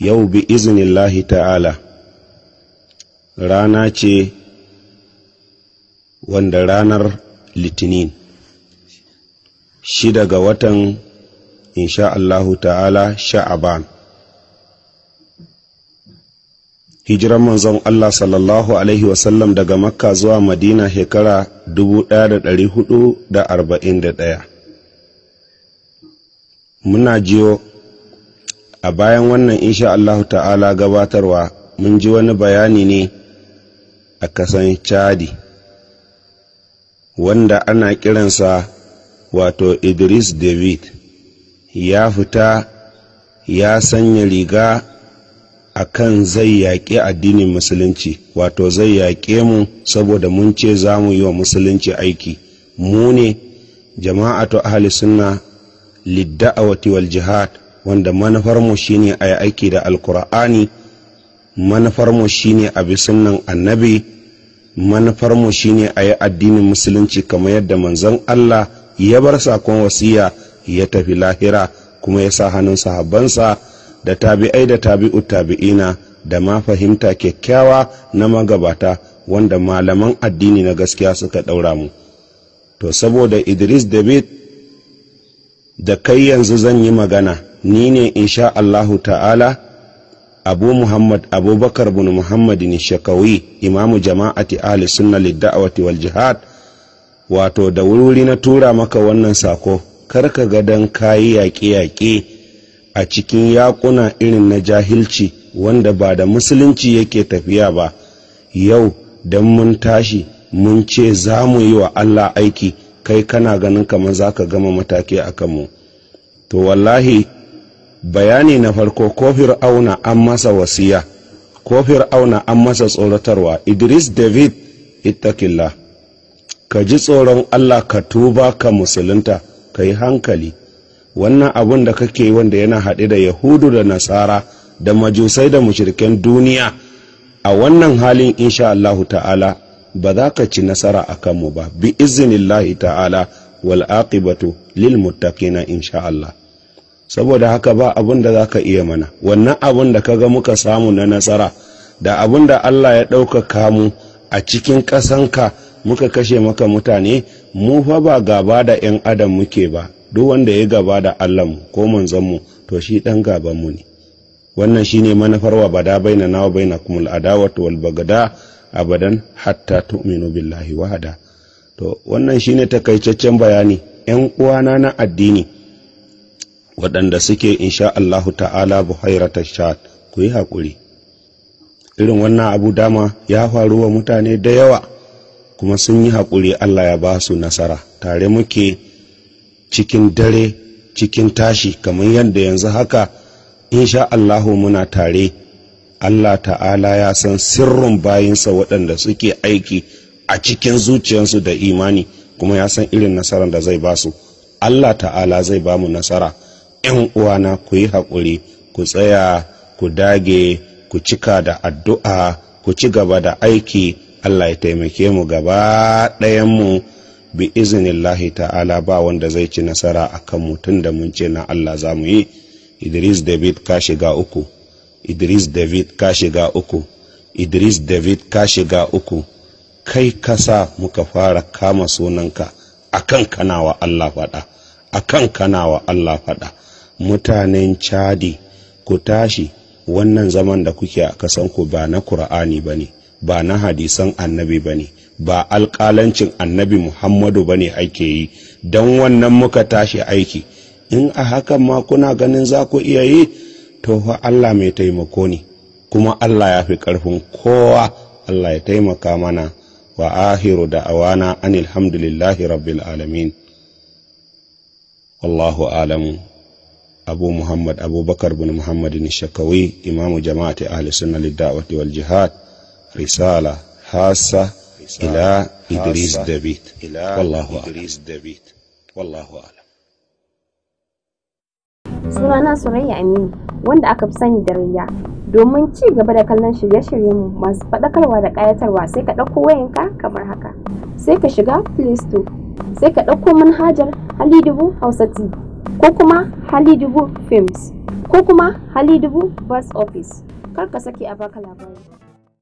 yau bi Lahi ta'ala rana ce wanda ranar litinin shida ga watan insha Allahu ta'ala sha'aban hijiran manzon Allah sallallahu alaihi wasallam daga makka zuwa madina shekara 1441 muna jiyo a bayan wannan insha Allah ta'ala gabatarwa mun ji wani bayani ne a kasan chadi wanda ana kiransa wato idris david ya fita ya sanya riga akan zai yaƙi addinin musulunci wato zai yaƙe mu saboda mun ce za mu yi wa musulunci aiki mu ne jama'atu ahli sunna lidda'awati wal jihad wanda manufarmu shine a yi aiki da alkur'ani manufarmu shine a bi sunnan annabi manufarmu shine a yi addinin musulunci kamar yadda manzon allah ya bar sakon wasiya ya tafi lahira kuma ya sa hannun sahabbansa da tabi'ai da tabi'u tabi'ina da ma fahimta kyakkyawa na magabata wanda malaman addini na gaskiya suka ɗaura mu to saboda idris david da kai yanzu zan yi magana ni ne insha Allahu ta'ala abu muhammad abubakar bin muhammadin shakawi imamu jama'ati ahli sunna lidda'awati wal jihad wato da wuri na tura maka wannan sako kar ka ga dan kayi yaƙe-yaƙe a cikin yaƙuna irin na jahilci wanda ba da musulunci yake tafiya ba yau dan mun tashi mun ce za mu yi wa Allah aiki kai kana ganin kamar za ka gama mataki a kanmu to wallahi bayani na farko ko fir'auna an masa wasiya ko fir'auna an masa tsoratarwa idris david ittaqillah ka ji tsoron allah ka tuba ka musulunta ka yi hankali wannan abun da kake wanda yana haɗe da yahudu da nasara da majusai da mashirken duniya a wannan halin insha allahu ta'ala ba za ka ci nasara a kanmu ba bi izinin ta'ala wal aqibatu lil muttaqina insha allah saboda haka ba abin da za iya mana wannan abin da kaga muka samu na nasara da abin da Allah ya ɗaukaka mu a cikin ƙasanka muka kashe maka mutane mu fa ba gaba da 'yan adam muke ba duk wanda ya gaba da Allah Allahnmu ko manzanmu to shi ɗan gabanmu ne wannan shi ne manufar wa bada baina nawa baina kumul adawatu wal bagada abadan hatta tu'minu billahi wahada to wannan shine takaitaccen bayani 'yan uwana na addini waɗanda suke insha Allahu ta'ala buhairata shad ku yi haƙuri irin wannan abu dama ya faru wa mutane da yawa kuma sun yi haƙuri Allah ya ba su nasara tare muke cikin dare cikin tashi kamar yadda yanzu haka insha Allahu muna tare Allah ta'ala ya san sirrin bayinsa waɗanda suke aiki a cikin zuciyarsu da imani kuma ya san irin nasarar da zai ba su Allah ta'ala zai ba mu nasara 'yan uwana ku yi haƙuri ku tsaya ku dage ku cika da addu'a ku ci gaba da aiki allah ya taimake mu gaba ɗayanmu bi izinillahi ta'ala ba wanda zai ci nasara a kan mutum da mun ce na allah za mu yi idris david ka shiga uku idris david ka shiga uku idris david ka shiga uku kai kasa muka fara kama sunanka akan kanawa allah faɗa akan kanawa allah faɗa mutanen Cadi ku tashi wannan zaman da kuke a kasan ku. ba na kur'ani ba ne ba na hadisan annabi ba ne ba alkalancin annabi muhammadu ba ne ake yi don wannan muka tashi aiki in a hakan ma kuna ganin za ku iya yi to allah mai taimako ne kuma allah ya fi ƙarfin kowa allah ya taimaka mana wa ahiru da awana an alhamdulillahi rabbil alamin wallahu alamu abu muhammad abubakar bin muhammadin shakawi imamu jama'ati ahli sunna lidda'wati wal jihad risala hasa ila idris david. wallahu wallahu a'lam sunana surayya aminu wanda aka fi sani da rayya domin ci gaba da kallon shirye mu masu faɗakarwa da ƙayatarwa sai ka ɗauko wayanka kamar haka sai ka shiga play store sai ka ɗauko manhajar halidubu hausa tv ko kuma halidubu films ko kuma halidubu bus office kar ka sake a baka labari